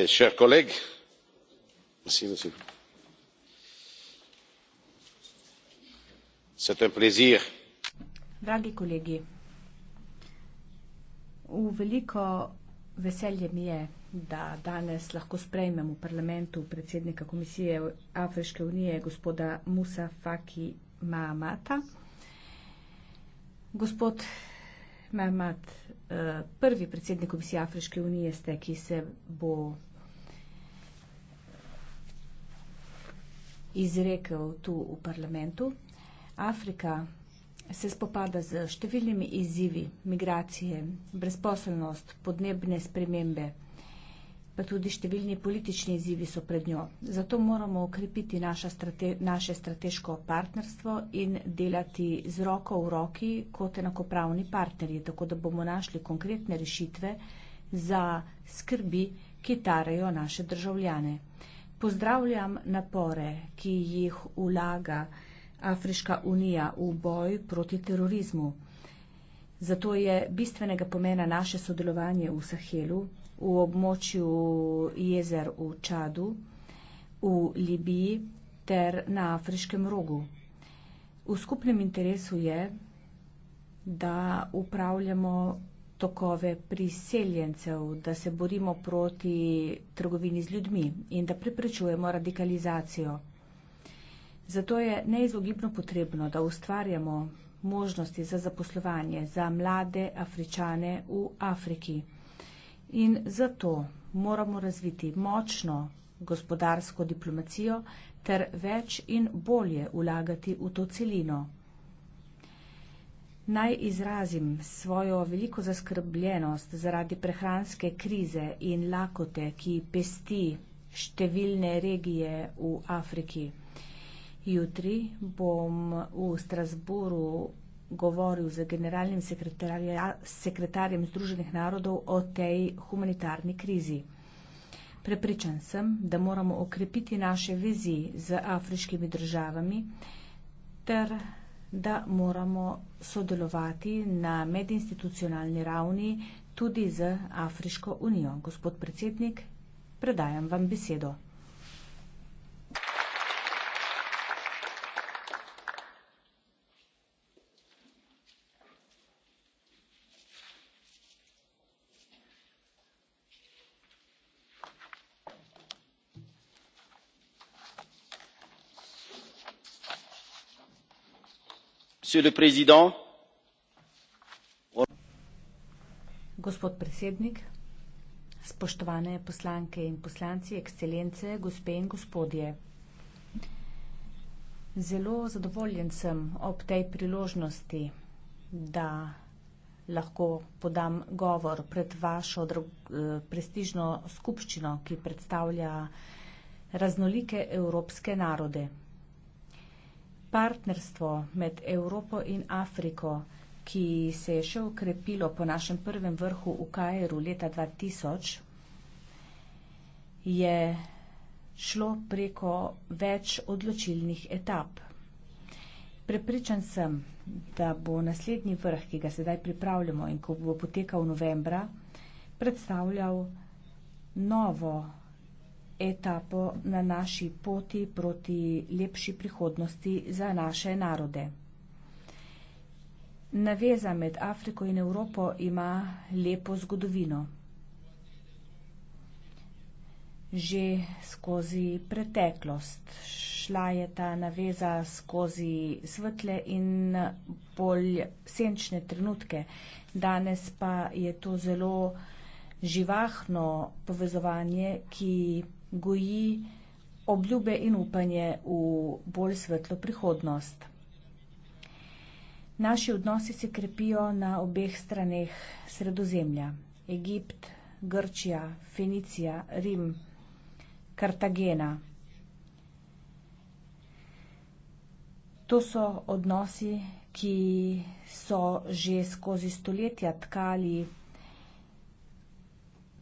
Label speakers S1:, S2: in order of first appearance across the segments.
S1: Eh, chers collègues c'est un plaisir
S2: dragi kolegi v veliko veselje mi je da danes lahko sprejmemo v parlamentu predsednika komisije afriške unije gospoda Musa Faki Mahamata gospod Mahamat eh, prvi predsednik komisije afriške unije ste ki se bo izrekel tu v parlamentu. Afrika se spopada z številnimi izzivi, migracije, brezposelnost, podnebne spremembe, pa tudi številni politični izzivi so pred njo. Zato moramo ukrepiti strate, naše strateško partnerstvo in delati z roko v roki kot enakopravni partnerji, tako da bomo našli konkretne rešitve za skrbi, ki tarajo naše državljane. Pozdravljam napore, ki jih vlaga Afriška unija v boj proti terorizmu. Zato je bistvenega pomena naše sodelovanje v Sahelu, v območju jezer v Čadu, v Libiji ter na Afriškem rogu. V skupnem interesu je, da upravljamo tokove priseljencev, da se borimo proti trgovini z ljudmi in da preprečujemo radikalizacijo. Zato je neizogibno potrebno, da ustvarjamo možnosti za zaposlovanje za mlade Afričane v Afriki. In zato moramo razviti močno gospodarsko diplomacijo ter več in bolje vlagati v to celino. Naj izrazim svojo veliko zaskrbljenost zaradi prehranske krize in lakote, ki pesti številne regije v Afriki. Jutri bom v Strasburu govoril z generalnim sekretarjem Združenih narodov o tej humanitarni krizi. Prepričan sem, da moramo okrepiti naše vezi z afriškimi državami ter da moramo sodelovati na medinstitucionalni ravni tudi z Afriško unijo. Gospod predsednik, predajam vam besedo.
S1: monsieur le président
S2: gospod predsednik spoštovane poslanke in poslanci ekscelence gospe in gospodje zelo zadovoljen sem ob tej priložnosti da lahko podam govor pred vašo eh, prestižno skupščino ki predstavlja raznolike evropske narode partnerstvo med Evropo in Afriko, ki se je še ukrepilo po našem prvem vrhu v Kajru leta 2000, je šlo preko več odločilnih etap. Prepričan sem, da bo naslednji vrh, ki ga sedaj pripravljamo in ko bo potekal novembra, predstavljal novo etapo na naši poti proti lepši prihodnosti za naše narode. Naveza med Afriko in Evropo ima lepo zgodovino. Že skozi preteklost šla je ta naveza skozi svetle in bolj senčne trenutke, danes pa je to zelo živahno povezovanje, ki goji obljube in upanje v bolj svetlo prihodnost. Naši odnosi se krepijo na obeh straneh sredozemlja. Egipt, Grčija, Fenicija, Rim, Kartagena. To so odnosi, ki so že skozi stoletja tkali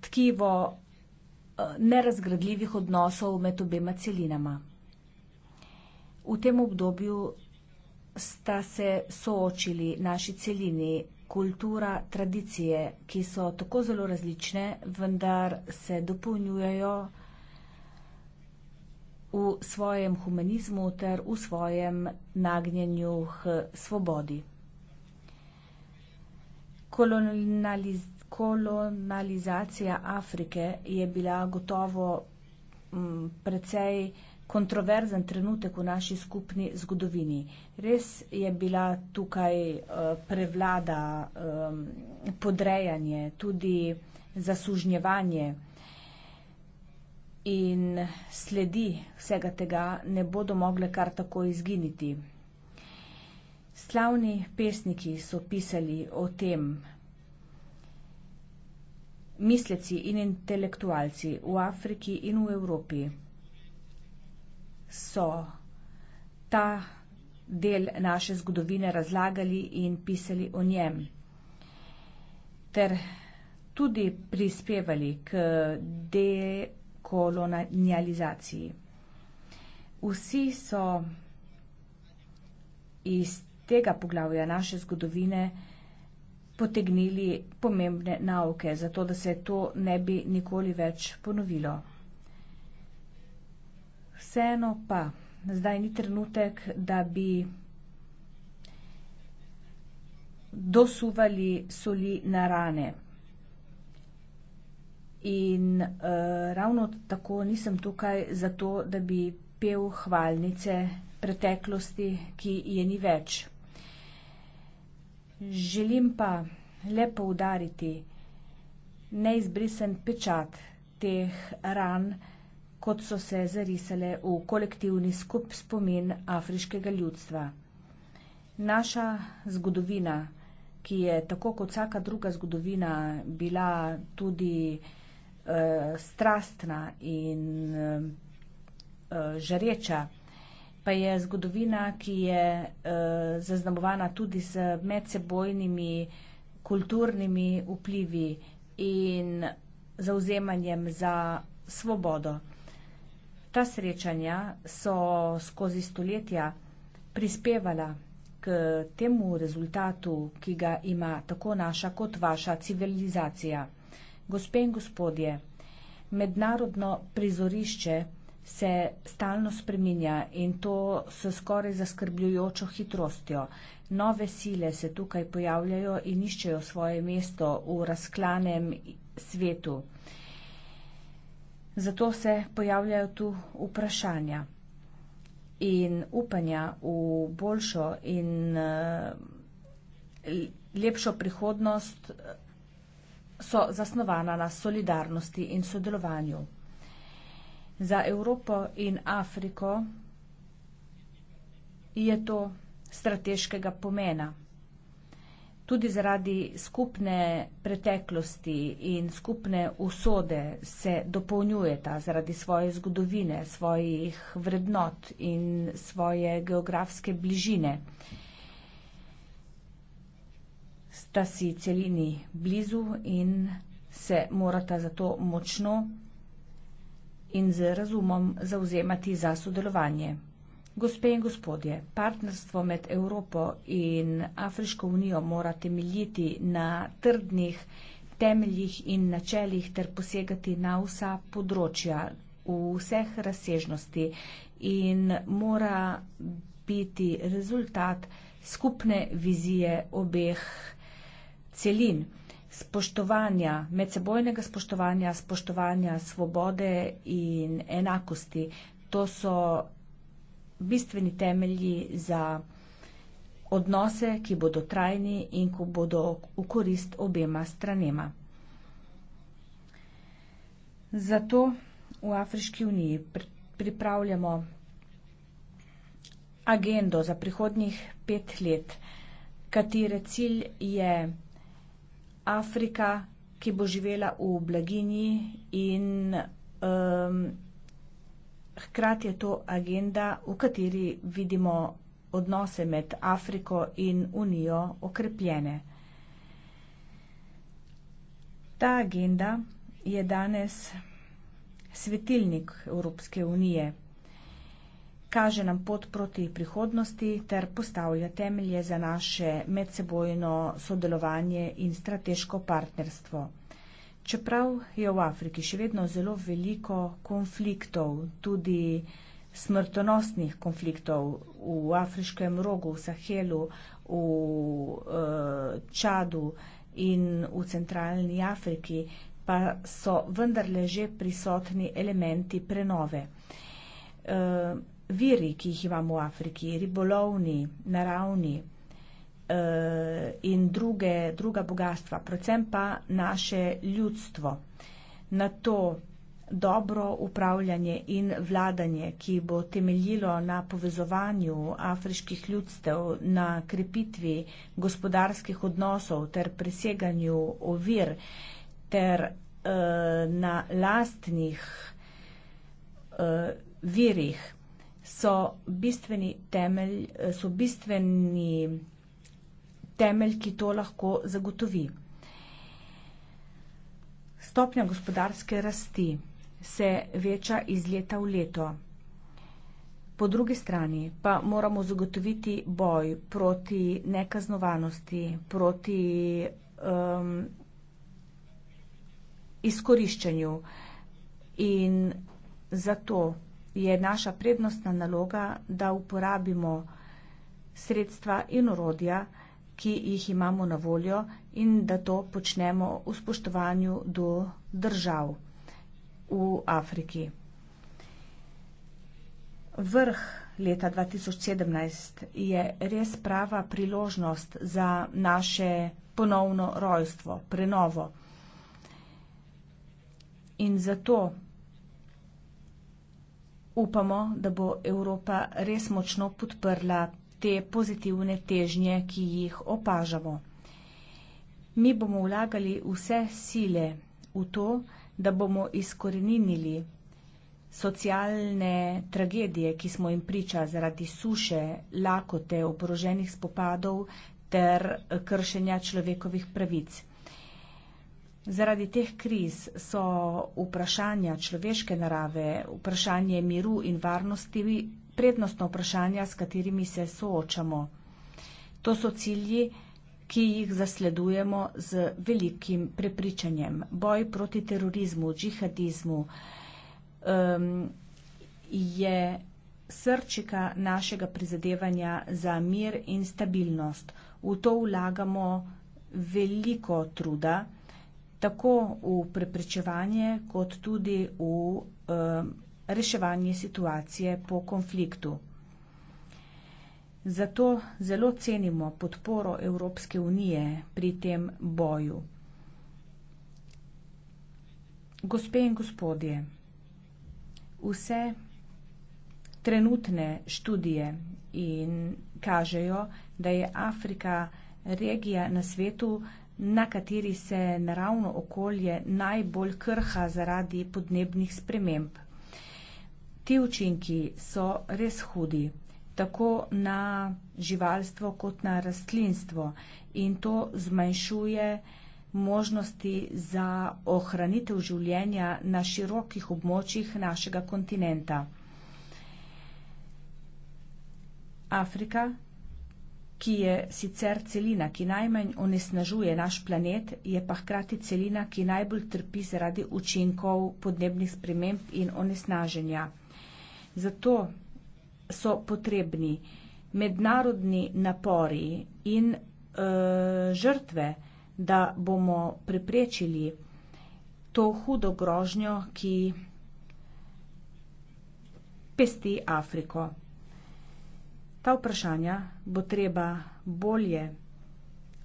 S2: tkivo Eh, nerazgradljivih odnosov med obema celinama. V tem obdobju sta se soočili naši celini, kultura, tradicije, ki so tako zelo različne, vendar se dopolnjujejo v svojem humanizmu ter v svojem nagnjenju k svobodi. Kolonializacija kolonizacija Afrike je bila gotovo m, mm, precej kontroverzen trenutek v naši skupni zgodovini. Res je bila tukaj uh, prevlada um, podrejanje, tudi zasužnjevanje in sledi vsega tega ne bodo mogle kar tako izginiti. Slavni pesniki so pisali o tem, misleci in intelektualci v Afriki in v Evropi so ta del naše zgodovine razlagali in pisali o njem ter tudi prispevali k dekolonializaciji. Vsi so iz tega poglavja naše zgodovine potegnili pomembne nauke, zato da se to ne bi nikoli več ponovilo. Vseeno pa, zdaj ni trenutek, da bi dosuvali soli na rane. In uh, ravno tako nisem tukaj zato, da bi pel hvalnice preteklosti, ki je ni več. Želim pa le poudariti neizbrisen pečat teh ran, kot so se zarisale v kolektivni skup spomin afriškega ljudstva. Naša zgodovina, ki je tako kot vsaka druga zgodovina bila tudi e, strastna in e, žareča, pa je zgodovina, ki je uh, zaznamovana tudi z medsebojnimi kulturnimi vplivi in zauzemanjem za svobodo. Ta srečanja so skozi stoletja prispevala k temu rezultatu, ki ga ima tako naša kot vaša civilizacija. Gospe in gospodje, mednarodno prizorišče se stalno spreminja in to s skoraj zaskrbljujočo hitrostjo. Nove sile se tukaj pojavljajo in iščejo svoje mesto v razklanem svetu. Zato se pojavljajo tu vprašanja in upanja v boljšo in eh, lepšo prihodnost so zasnovana na solidarnosti in sodelovanju za Evropo in Afriko je to strateškega pomena. Tudi zaradi skupne preteklosti in skupne usode se dopolnjujeta zaradi svoje zgodovine, svojih vrednot in svoje geografske bližine. Sta si celini blizu in se morata zato močno in z razumom zauzemati za sodelovanje. Gospe in gospodje, partnerstvo med Evropo in Afriško unijo mora temeljiti na trdnih temeljih in načeljih ter posegati na vsa področja, v vseh razsežnosti in mora biti rezultat skupne vizije obeh celin spoštovanja, medsebojnega spoštovanja, spoštovanja svobode in enakosti. To so bistveni temelji za odnose, ki bodo trajni in ko bodo v korist obema stranema. Zato v Afriški uniji pripravljamo agendo za prihodnjih pet let, katere cilj je Afrika, ki bo živela v blaginji in um, hkrati je to agenda, v kateri vidimo odnose med Afriko in Unijo okrepljene. Ta agenda je danes svetilnik Evropske unije kaže nam pot proti prihodnosti ter postavlja temelje za naše medsebojno sodelovanje in strateško partnerstvo. Čeprav je v Afriki še vedno zelo veliko konfliktov, tudi smrtonosnih konfliktov v afriškem rogu, v Sahelu, v uh, Čadu in v centralni Afriki, pa so vendarle že prisotni elementi prenove. Uh, viri, ki jih imamo v Afriki, ribolovni, naravni eh, in druge, druga bogatstva, predvsem pa naše ljudstvo. Na to dobro upravljanje in vladanje, ki bo temeljilo na povezovanju afriških ljudstev, na krepitvi gospodarskih odnosov ter preseganju ovir ter eh, na lastnih eh, virih so bistveni temelj, so bistveni temelj, ki to lahko zagotovi. Stopnja gospodarske rasti se veča iz leta v leto. Po drugi strani pa moramo zagotoviti boj proti nekaznovanosti, proti um, izkoriščanju in zato je naša prednostna naloga, da uporabimo sredstva in urodja, ki jih imamo na voljo in da to počnemo v spoštovanju do držav v Afriki. Vrh leta 2017 je res prava priložnost za naše ponovno rojstvo, prenovo. In zato upamo, da bo Evropa res močno podprla te pozitivne težnje, ki jih opažamo. Mi bomo vlagali vse sile v to, da bomo izkoreninili socialne tragedije, ki smo jim priča zaradi suše, lakote, oboroženih spopadov ter kršenja človekovih pravic. Zaradi teh kriz so vprašanja človeške narave, vprašanje miru in varnosti prednostno vprašanja, s katerimi se soočamo. To so cilji, ki jih zasledujemo z velikim prepričanjem. Boj proti terorizmu, džihadizmu um, je srčika našega prizadevanja za mir in stabilnost. V to vlagamo veliko truda tako v preprečevanje, kot tudi v eh, reševanje situacije po konfliktu. Zato zelo cenimo podporo Evropske unije pri tem boju. Gospe in gospodje, vse trenutne študije in kažejo, da je Afrika regija na svetu, na kateri se naravno okolje najbolj krha zaradi podnebnih sprememb. Ti učinki so res hudi, tako na živalstvo kot na rastlinstvo in to zmanjšuje možnosti za ohranitev življenja na širokih območjih našega kontinenta. Afrika ki je sicer celina, ki najmanj onesnažuje naš planet, je pa hkrati celina, ki najbolj trpi zaradi učinkov podnebnih sprememb in onesnaženja. Zato so potrebni mednarodni napori in e, žrtve, da bomo preprečili to hudo grožnjo, ki pesti Afriko. Ta vprašanja bo treba bolje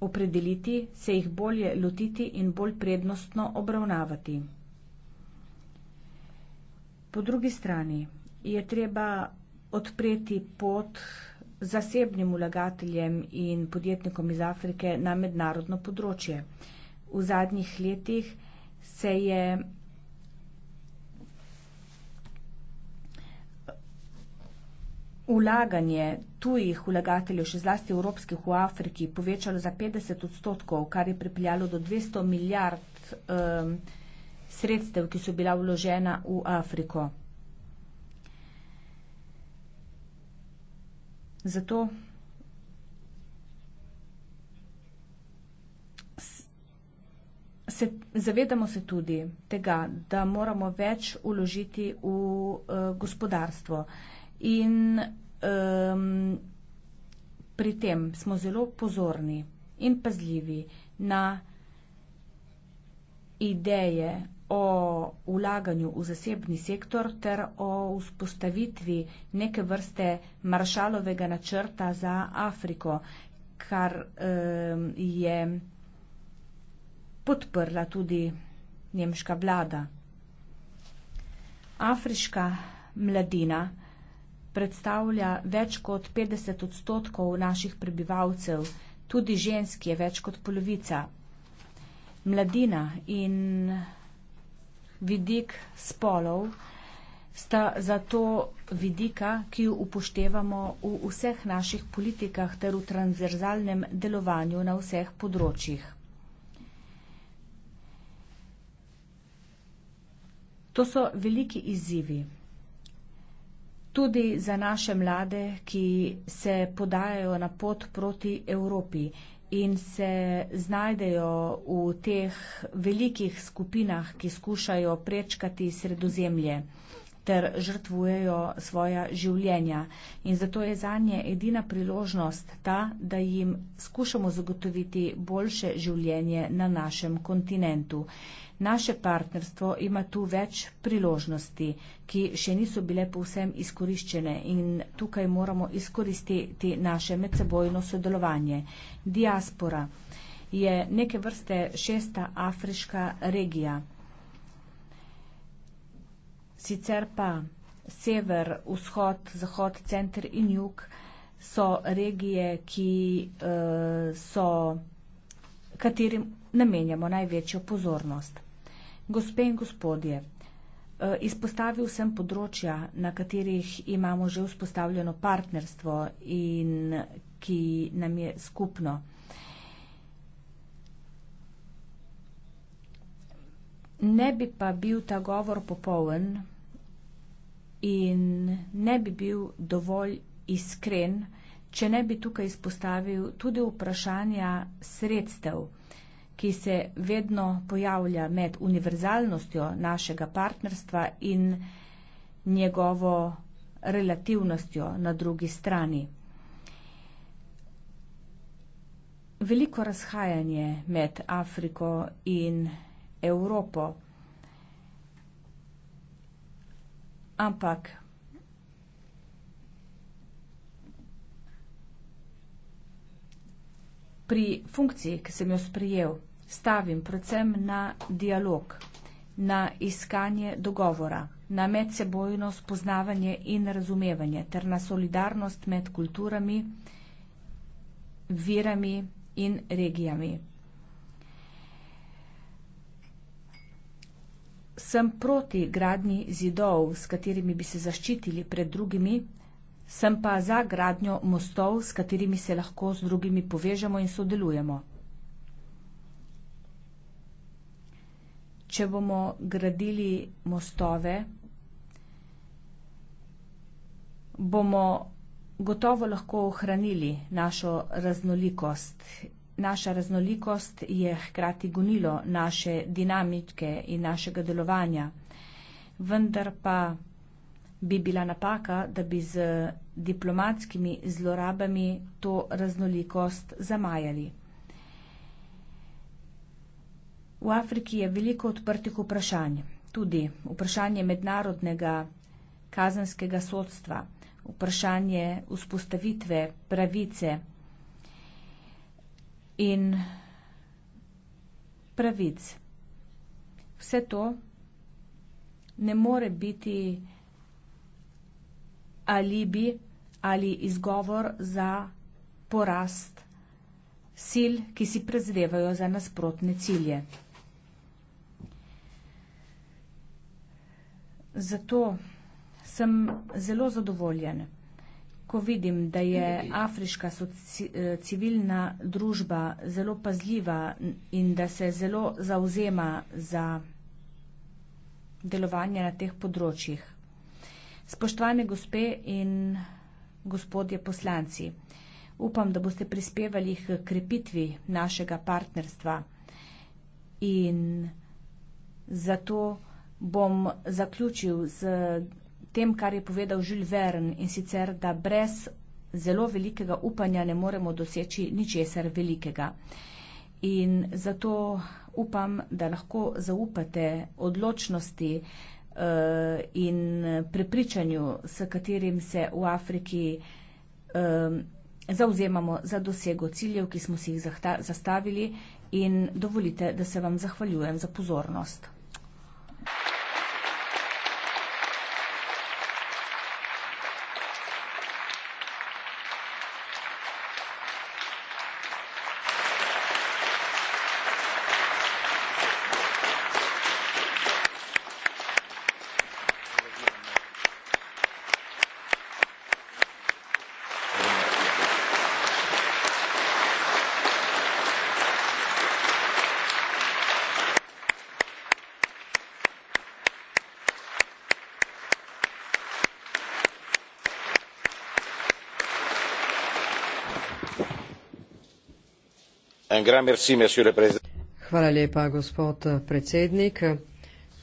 S2: opredeliti, se jih bolje lotiti in bolj prednostno obravnavati. Po drugi strani je treba odpreti pot zasebnim vlagateljem in podjetnikom iz Afrike na mednarodno področje. V zadnjih letih se je vlaganje tujih vlagateljev, še zlasti evropskih v Afriki, povečalo za 50 odstotkov, kar je pripeljalo do 200 milijard um, sredstev, ki so bila vložena v Afriko. Zato se, zavedamo se tudi tega, da moramo več uložiti v uh, gospodarstvo. In um, pri tem smo zelo pozorni in pazljivi na ideje o ulaganju v zasebni sektor ter o vzpostavitvi neke vrste maršalovega načrta za Afriko, kar um, je podprla tudi nemška vlada. Afriška mladina predstavlja več kot 50 odstotkov naših prebivalcev, tudi ženski je več kot polovica. Mladina in vidik spolov sta zato vidika, ki jo upoštevamo v vseh naših politikah ter v transverzalnem delovanju na vseh področjih. To so veliki izzivi tudi za naše mlade, ki se podajajo na pot proti Evropi in se znajdejo v teh velikih skupinah, ki skušajo prečkati sredozemlje ter žrtvujejo svoja življenja. In zato je za nje edina priložnost ta, da jim skušamo zagotoviti boljše življenje na našem kontinentu. Naše partnerstvo ima tu več priložnosti, ki še niso bile povsem izkoriščene in tukaj moramo izkoristiti naše medsebojno sodelovanje. Diaspora je neke vrste šesta afriška regija sicer pa sever, vzhod, zahod, center in jug so regije, ki eh, so, katerim namenjamo največjo pozornost. Gospe in gospodje, eh, izpostavil sem področja, na katerih imamo že vzpostavljeno partnerstvo in ki nam je skupno. Ne bi pa bil ta govor popoln, in ne bi bil dovolj iskren, če ne bi tukaj izpostavil tudi vprašanja sredstev, ki se vedno pojavlja med univerzalnostjo našega partnerstva in njegovo relativnostjo na drugi strani. Veliko razhajanje med Afriko in Evropo. ampak pri funkciji, ki sem jo sprijel, stavim predvsem na dialog, na iskanje dogovora, na medsebojno spoznavanje in razumevanje ter na solidarnost med kulturami, virami in regijami. sem proti gradnji zidov, s katerimi bi se zaščitili pred drugimi, sem pa za gradnjo mostov, s katerimi se lahko z drugimi povežemo in sodelujemo. Če bomo gradili mostove, bomo gotovo lahko ohranili našo raznolikost Naša raznolikost je hkrati gonilo naše dinamike in našega delovanja. Vendar pa bi bila napaka, da bi z diplomatskimi zlorabami to raznolikost zamajali. V Afriki je veliko odprtih vprašanj, tudi vprašanje mednarodnega kazenskega sodstva, vprašanje vzpostavitve pravice, in pravic. Vse to ne more biti alibi ali izgovor za porast sil, ki si prezrevajo za nasprotne cilje. Zato sem zelo zadovoljen ko vidim, da je afriška eh, civilna družba zelo pazljiva in da se zelo zauzema za delovanje na teh področjih. Spoštovane gospe in gospodje poslanci, upam, da boste prispevali k krepitvi našega partnerstva in zato bom zaključil z tem, kar je povedal Žil Vern in sicer, da brez zelo velikega upanja ne moremo doseči ničesar velikega. In zato upam, da lahko zaupate odločnosti eh, in prepričanju, s katerim se v Afriki eh, zauzemamo za dosego ciljev, ki smo si jih zastavili in dovolite, da se vam zahvaljujem za pozornost.
S1: Hvala lepa, gospod predsednik.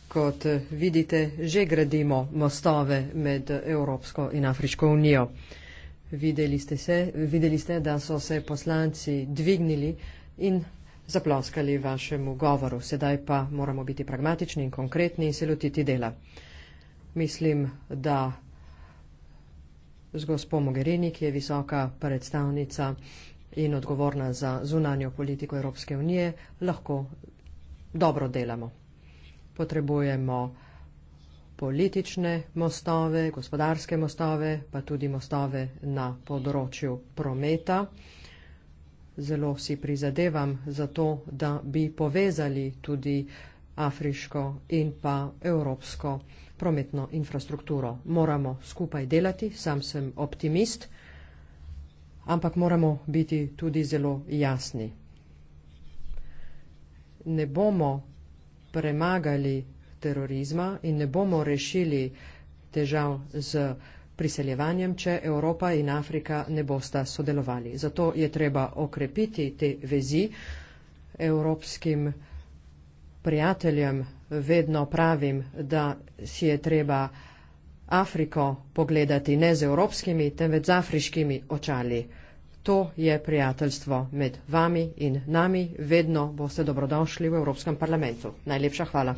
S1: Kot vidite, že gradimo mostove med Evropsko in Afriško unijo. Videli ste, se, videli ste, da so se poslanci dvignili in zaploskali vašemu govoru. Sedaj pa moramo biti pragmatični in konkretni in se lotiti dela. Mislim, da z gospod Mogherini, ki je visoka predstavnica in odgovorna za zunanjo politiko Evropske unije, lahko dobro delamo. Potrebujemo politične mostove, gospodarske mostove, pa tudi mostove na področju prometa. Zelo si prizadevam za to, da bi povezali tudi afriško in pa evropsko prometno infrastrukturo. Moramo skupaj delati, sam sem optimist ampak moramo biti tudi zelo jasni. Ne bomo premagali terorizma in ne bomo rešili težav z priseljevanjem, če Evropa in Afrika ne bosta sodelovali. Zato je treba okrepiti te vezi. Evropskim prijateljem vedno pravim, da si je treba Afriko pogledati ne z evropskimi, temveč z afriškimi očali. To je prijateljstvo med vami in nami. Vedno boste dobrodošli v Evropskem parlamentu. Najlepša hvala.